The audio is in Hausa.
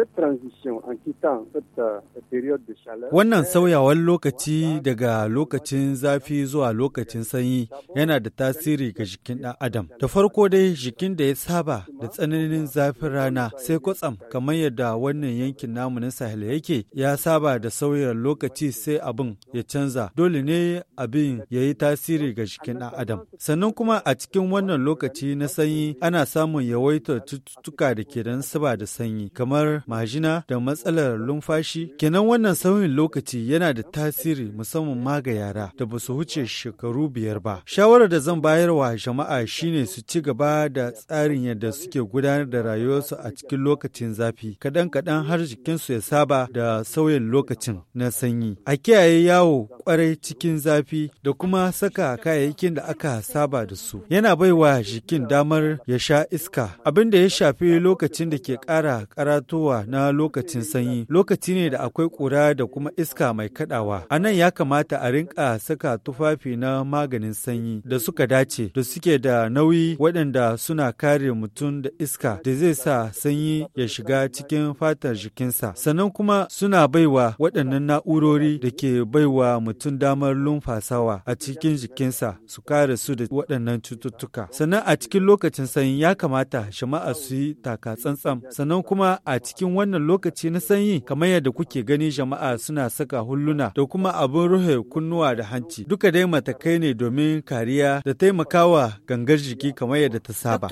that Wannan sauyawar lokaci daga lokacin zafi zuwa lokacin sanyi yana da tasiri ga jikin ɗan adam. Da farko dai jikin da ya saba da tsananin zafin rana sai kwatsam kamar yadda wannan yankin namu na Sahel yake ya saba da sauyar lokaci sai abin ya canza. Dole ne abin ya yi tasiri ga jikin ɗan adam. Sannan kuma a cikin wannan lokaci na sanyi ana samun yawaitar cututtuka da ke da da sanyi kamar majina da matsalar lumfashi kenan wannan sauyin lokaci yana da tasiri musamman ma ga yara da ba su huce shekaru biyar ba shawarar da zan bayar wa jama'a shine su ci gaba da tsarin yadda suke gudanar da rayuwarsu a cikin lokacin zafi kaɗan-kaɗan har jikinsu ya saba da sauyin lokacin na sanyi a kiyaye yawo kwarai cikin zafi da kuma saka kayayyakin da aka saba da su. Yana baiwa jikin damar ya sha iska. Abin da ya shafi lokacin da ke ƙara karatowa na lokacin sanyi, lokaci ne da akwai ƙura da kuma iska mai kaɗawa. A nan ya kamata a rinka saka tufafi na maganin sanyi da suka dace da suke da nauyi waɗanda suna kare mutum da iska da zai sa sanyi ya shiga cikin fatar jikinsa. Sannan kuma suna baiwa waɗannan na'urori da ke baiwa mutum tun damar lumfasawa a cikin jikinsa su kare su da waɗannan cututtuka. Sannan a cikin lokacin sanyi ya kamata shama'a su yi taka tsantsan. Sannan kuma a cikin wannan lokaci na sanyi kamar yadda kuke gani jama'a suna saka hulluna da kuma abin rufe kunnuwa da hanci. Duka dai matakai ne domin kariya da taimakawa gangar jiki kamar yadda ta saba.